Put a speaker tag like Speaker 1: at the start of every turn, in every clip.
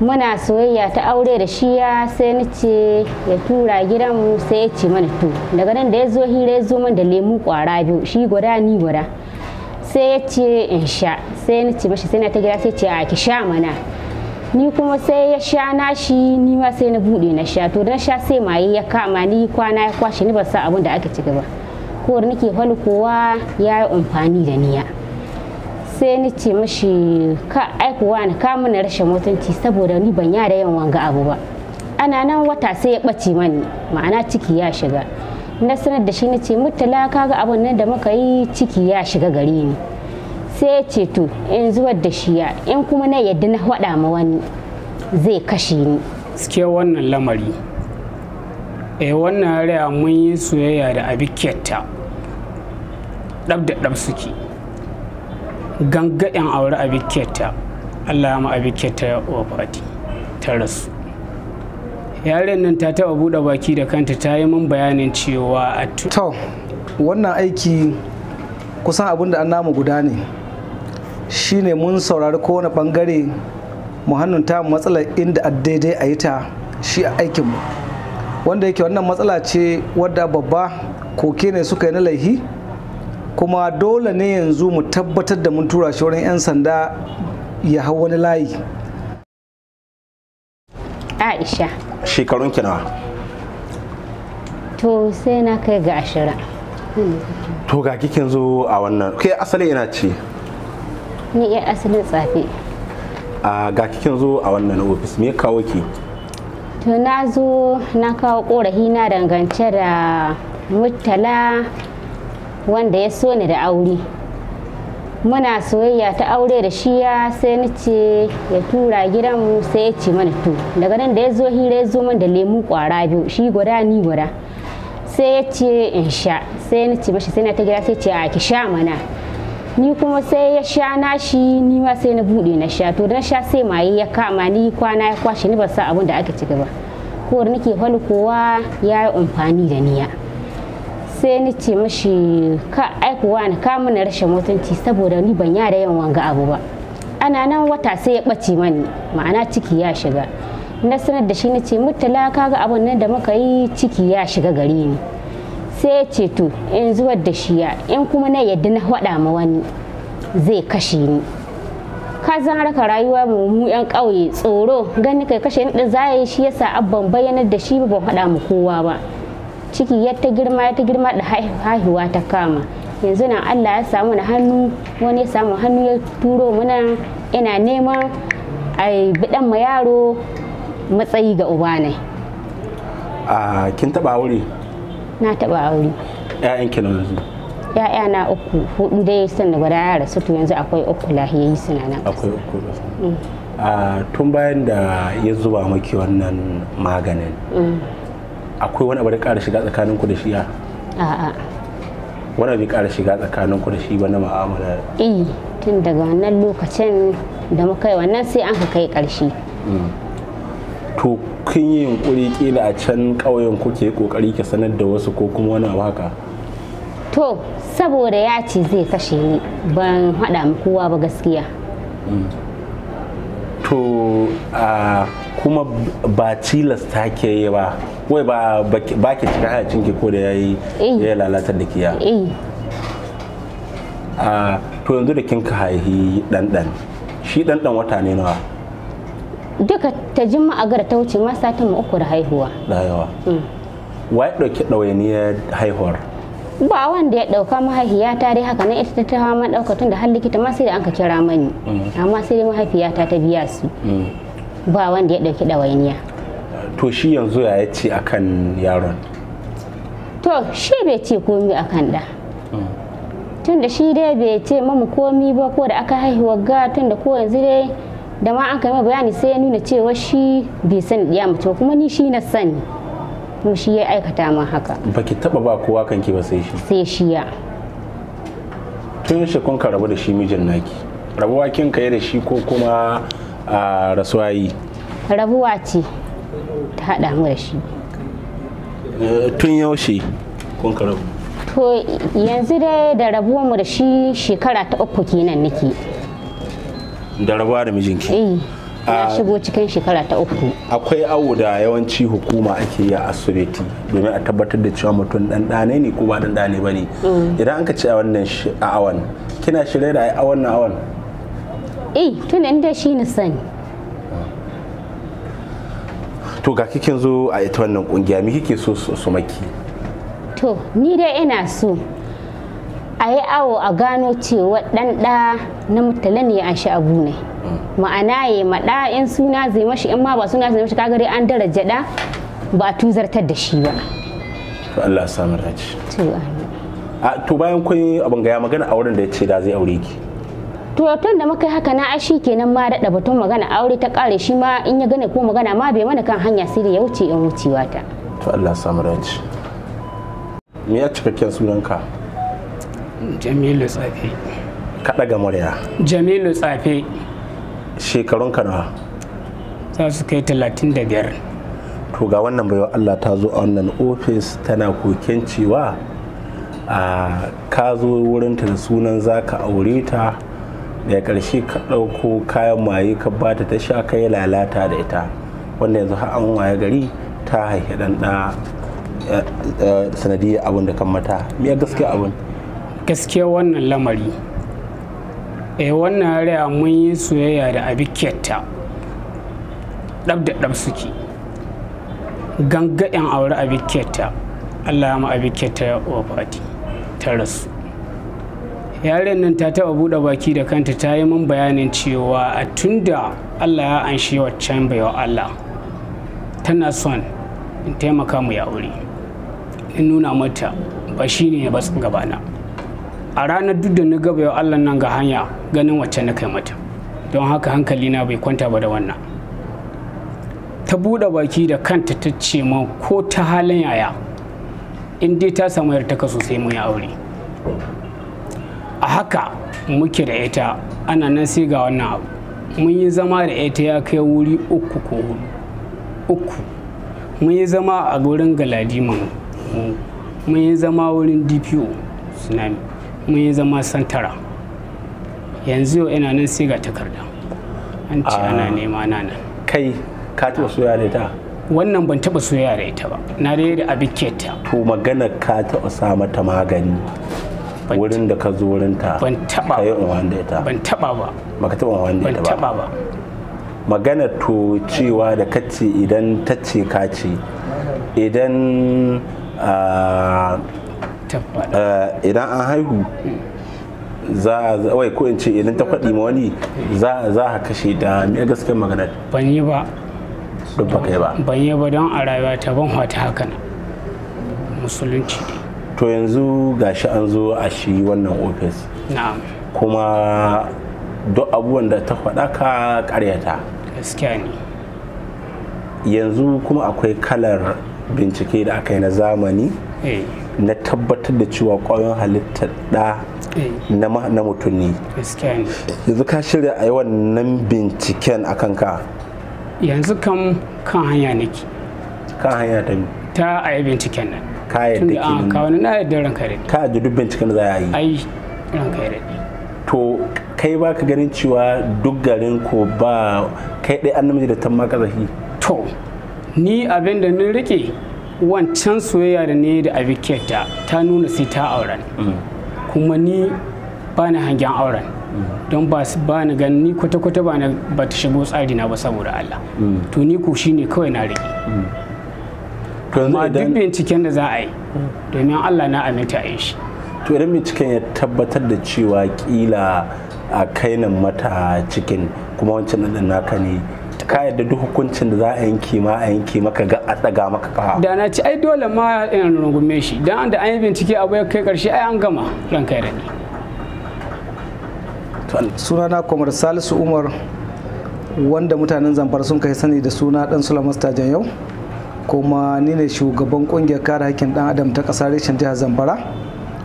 Speaker 1: muna soyayya ta aure da shiya sai ni ce ya tura gidanmu sai ya ce mana to daga nan da ya zo hira ya zo man da lemu kwara biyu shi gwada ni gwada sai ya ce in sha sai ni ce mashi sai na ta gida sai ce a ki sha mana ni kuma sai ya sha na shi ni ma sai na bude na sha to dan sha sai maye ya kama ni kwana ya kwashe ni ba sa abin da aka ci gaba ko nake falkowa ya yi amfani da niya sai ni ce mashi ka aikuwa wani ka rashin mutunci saboda ni ban yada yawan wanga abu ba ana nan wata sai ya bace mani ma'ana ciki ya shiga na sanar da shi na ce mutala kaga abun nan da muka yi ciki ya shiga gare ni sai ya ce to in zuwar da shi ya in kuma na yadda na faɗa ma wani zai kashe ni
Speaker 2: suke wannan lamari eh wannan raya mun yi soyayya da abikyarta ɗab da ɗab suke ganga aure a biketa allah ya ma a ya wafati ta rasu yaren nan ta taɓa buɗe baki da kanta ta yi min bayanin cewa
Speaker 3: a to wannan aiki kusan abin da an namu guda ne shine mun saurari kowane bangare mu hannunta matsalar inda a daidai a yi ta shi a aikinmu wanda yake wannan matsala ce wadda babba koke ne suka yi na laihi kuma dole ne yanzu mu tabbatar da mun tura shi wurin 'yan sanda ya hau wani layi
Speaker 1: aisha
Speaker 4: shekarun kina
Speaker 1: to sai na kai ga ashira.
Speaker 4: to ga kikin zo a wannan kai asali ina ce
Speaker 1: ni iya asalin tsafi
Speaker 4: a ga kikin zo a wannan ofis me kawo ki
Speaker 1: to na zo na kawo korafi na dangance da murtala wanda ya so ni da aure muna soyayya ta aure da shi ya sai ni ce ya tura gidanmu sai ya ce mana to daga nan da ya zo hira ya zo man da lemu kwara biyu shi gwada ni gwada sai ya ce in sha sai ni ce mashi sai na ta gida sai ce a ki sha mana ni kuma sai ya sha na shi ni ma sai na bude na sha to dan sha sai mai ya kama ni kwana ya kwashe ni ba sa abin da aka ci gaba ko nake falkowa ya yi amfani da niya. sai ni ce mashi ka aikuwa na ka rashin mutunci saboda ni ban yada yin wanga abu ba ana nan wata sai ya ɓace mani ma'ana ciki ya shiga na sanar da shi na ce mutala kaga abun nan da muka yi ciki ya shiga gare ni sai ya ce to in zuwar da shi ya in kuma na yadda na faɗa ma wani zai kashe ni ka zan raka rayuwa mu mu yan ƙauye tsoro gani kai kashe ni da zai shi yasa abban bayyanar da shi ban faɗa mu kowa ba ciki ya ta girma ya ta girma da haihuwa ta kama yanzu nan allah ya samu na hannu wani ya samu hannu ya turo muna ina neman a bidan ma yaro matsayi ga uba ne
Speaker 4: a kin taba aure
Speaker 1: na taba aure
Speaker 4: ya'yan ki yanzu
Speaker 1: Ya'ya na uku hudu dai sun da gwada yara su yanzu akwai uku lahiyayi suna nan akwai uku mm.
Speaker 4: tun bayan da ya zuba maki wannan maganin mm. akwai wani abu da ƙara shiga tsakanin ku da shi ya wani abu ƙara shiga tsakanin ku da shi ba na ma'amala
Speaker 1: eh tun daga wannan lokacin da muka yi wannan sai an ka kai ƙarshe
Speaker 4: mm. to kun yi yunkuri kila a can ƙauyen kuke kokari ki sanar da wasu ko kuma wani abu haka
Speaker 1: to saboda ya ce zai kashe ni ban haɗa mu kowa ba gaskiya
Speaker 4: mm. to kuma ba tilasta ke yi ba wai ba ba ki cika hayacin ki ko da yayi ya eh. lalata da kiya eh. a to yanzu da kin ka haihi dan dan shi dan dan wata ne nawa
Speaker 1: duka ta a gara ta wuce ma satin uku da haihuwa da yawa mm.
Speaker 4: wa ya dauki ɗawainiyar haihuwar
Speaker 1: ba wanda ya dauka mahaifiyata dai haka na ita ta hawa ma dauka tun da har likita ma sai da an ka kira mani mm. amma sai dai mahaifiyata ta biya su
Speaker 4: mm.
Speaker 1: ba wanda ya dauki dawainiya
Speaker 4: to shi yanzu ya ce akan yaron
Speaker 1: to shi bai ce komi akan da tun da shi dai bai ce mamu komi ba ko da aka haihuwa ga tun da ko yanzu dai da ma an kama bayani sai ya nuna cewa shi bai sani ya mace kuma ni shi na sani kuma shi ya aikata min haka
Speaker 4: baki taba ba kowa ki ba sai shi sai shi ya tun yaushe kun ka rabu da shi mijin naki rabuwa kin kai da shi ko kuma a ah, rasuwayi
Speaker 1: rabuwa ce haɗa mu da shi
Speaker 4: tun yaushe kun karabu
Speaker 1: to yanzu dai da rabuwar mu da shi shekara ta uku kenan nake
Speaker 4: da rabuwa da mijinki eh
Speaker 1: ya ah, shigo cikin shekara ta uku
Speaker 4: akwai awo da yawanci hukuma ake yi a asibiti domin a tabbatar da cewa mutum dan ɗane ne ko ba dan ɗane ba ne mm. idan an ka ce a wannan awan kina shirye da awon na awon
Speaker 1: eh tunan da shi ni sani
Speaker 4: to ga kikin zo a ita wannan kungiya mi kike so su maki
Speaker 1: to ni dai ina so a yi awo a gano cewa ɗan da na mutala ne an shi abu ne ma'ana ya maɗa in suna zai mashi in ma ba suna zai mashi kagare an daraja da ba a tuzartar da shi ba
Speaker 4: to Allah ya samu raji to bayan kun abin ga ya magana wurin da ya ce da zai aure ki
Speaker 1: to tun da muka haka na ashi kenan ma daɗa batun magana aure ta ƙare shi ma in ya gane ko magana ma bai mana kan hanya sai da ya wuce in wucewa ta
Speaker 4: to Allah samu ranci me ya cikakken sunanka Jamilu Tsafe ka daga murya
Speaker 2: Jamilu Tsafe
Speaker 4: shekarun ka nawa
Speaker 2: za su kai talatin da biyar
Speaker 4: to ga wannan baiwa Allah ta zo a wannan ofis tana koken cewa ah, ka zo wurinta da sunan za ka aure ta daga ƙarshe ka ɗauko kayan maye ka ba ta sha ka yi lalata da ita wanda yanzu har an waye gari ta haihe ɗan ɗa sanadiyar abin da kan mata me gaske abin gaske wannan lamari
Speaker 2: e wannan raya mun yi soyayya da abikiyarta ɗab da ɗab suke ganga yan aure abikiyarta allah ma abikiyarta ya wafati ta rasu yaren nan ta taba buɗe baki da kanta ta yi min bayanin cewa a tunda allah ya anshi waccan wa allah tana son in taimaka mu ya wuri in nuna mata ba shi ne ba gabana a ranar duk da na gaba yau allah nan ga hanya ganin wacce na kai mata don haka hankali na bai kwanta ba da wannan ta buɗe baki da kanta ta ce man ko ta halin yaya in dai ta samu kaso sosai mun yi aure a haka muke da ita ana nan sai ga wannan abu mun yi zama da ita ya kai wuri uku ko hudu uku mun yi zama a wurin galadiman mun yi zama wurin dpo tsunami mun yi zama santara yanzu yau ina nan sai ga takarda an ce ana ah. nema nan kai
Speaker 4: ka taɓa soya da ita
Speaker 2: wannan ban taɓa soya da ita ba
Speaker 4: na dai da keta. to magana ka taɓa sa mata magani wurin da ka zo wurin ta ban taba kai unwan da ban taba ba baka taba unwan da ita ba ban taba ba magana to cewa da kace idan ta ce ka ce idan idan an haihu za a wai ko in ce idan ta kwaɗi ma wani za a kashe da me gaskiyar magana ban yi ba duk ba
Speaker 2: ban yi ba don a rayuwa ta ban hata hakan
Speaker 4: musulunci ne to yanzu gashi an zo a shi wannan ofis kuma duk abubuwan da ta faɗa ka ƙaryata yanzu kuma akwai kalar bincike da aka yi na zamani eh. na tabbatar da cewa ƙwayoyin halitta ɗa eh. na mutum ne yanzu ka shirya a yi wannan binciken a kanka
Speaker 2: yanzu kan hanya nake kan hanya ta ta a yi binciken nan kayan da ke ka yadda ranka
Speaker 4: ka yadda duk binciken za a yi ai ranka to kai ba ka ganin cewa duk garin ko ba kai dai namiji da tamma kazafi to
Speaker 2: ni abin da ni rike wancan soyayya da ne da abikiyarta ta nuna sai ta auren mm. kuma ni ba na hangen auren mm. don ba ni gani kwata-kwata ba ta shigo tsari na ba saboda Allah mm. to ni ko shine kawai na rike to duk binciken da za a yi domin Allah na aminta a shi
Speaker 4: to idan binciken ya tabbatar da cewa kila a kainan mata cikin kuma wancan nan naka ne ka yadda duk hukuncin da za a yanke ma a yanke maka ga a daga maka kafa
Speaker 2: da na ci ai dole ma in rungume shi dan an da an yi bincike abu ya kai karshe ai an gama ran kai
Speaker 3: suna sunana kwamar salisu umar wanda mutanen zamfara sun kai sani da suna dan sulamas tajan yau kuma ni ne shugaban kungiyar kare hakkin dan adam ta kasar reshen jihar zamfara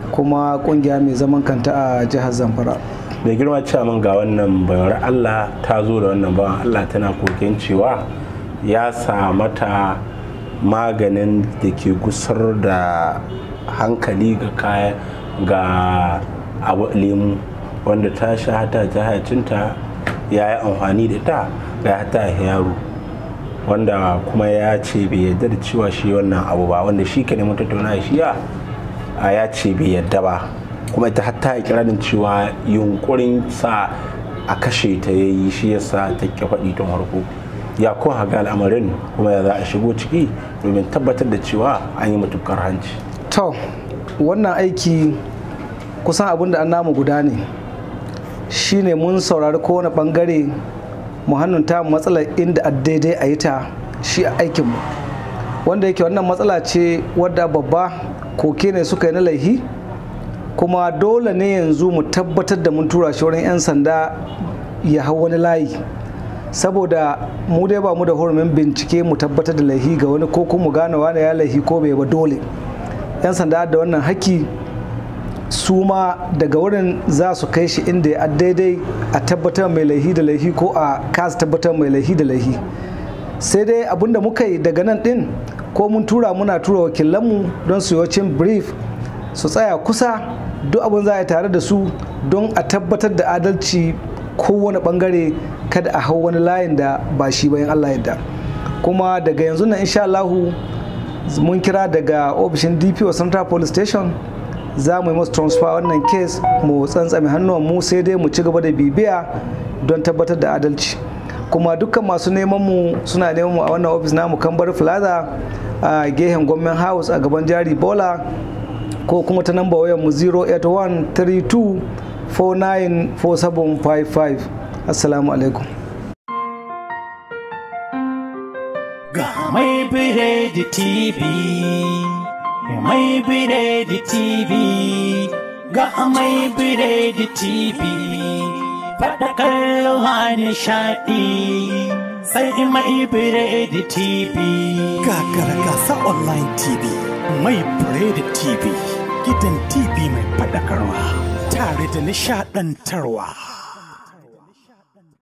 Speaker 3: kuma kungiya mai zaman kanta a jihar zamfara
Speaker 4: mai girma cewa ga wannan bayar allah ta zo da wannan bayan allah tana koken cewa ya samata maganin da ke gusar da hankali ga kaya ga abu lemu wanda ta sha jihar jahacinta ya yi amfani da ta ga ta yaro wanda kuma ya ce bai yarda da cewa shi wannan abu ba wanda shi ka nemi tattauna shi ya ce bai yarda ba kuma ita hatta ikirarin cewa yunkurin sa a kashe ta ya yi shi sa ta ke faɗi tun harko ya kun haga al'amarin kuma ya za a shigo ciki domin tabbatar da cewa an yi matukar hanci
Speaker 3: to wannan aiki kusan abin da an namu guda ne shine mun saurari kowane bangare mu hannunta matsalar inda a daidai a yi ta shi a aikinmu wanda yake wannan matsala ce wadda babba koke ne suka yi na laihi kuma dole ne yanzu mu tabbatar da mun tura shi wurin 'yan sanda ya hau wani layi saboda mu dai ba mu da hurumin bincike mu tabbatar da laihi ga wani ko kuma gane wani ya laihi ko bai ba dole 'yan sanda da wannan haƙƙi su ma daga wurin za su kai shi inda ya daidai a tabbatar mai laihi da laihi ko a kasa tabbatar mai laihi da laihi sai dai da muka yi daga nan din ko mun tura muna tura wakilanmu don su yi brief su tsaya kusa duk abin za a tare da su don a tabbatar da adalci kowane bangare kada a hau wani layin da ba shi bayan allah yadda kuma daga yanzu na insha allahu mun kira daga ofishin dpo central police station za mu yi masu transfer wannan case mu tsantsame hannuwan mu sai dai mu ci gaba da bibiya don tabbatar da adalci kuma dukkan masu neman mu suna neman mu a wannan ofis namu kambar plaza a gehen gwamnan house a gaban jari bola ko kuma ta namba wayan mu 08132 assalamu alaikum
Speaker 2: ga mai da tv Mai Biredi TV ga Mai Biredi TV faɗakar nishaɗi sai Mai
Speaker 4: Biredi TV. Kakara gasa online TV Mai Biredi TV gidan TV mai faɗakarwa tare da nishaɗantarwa.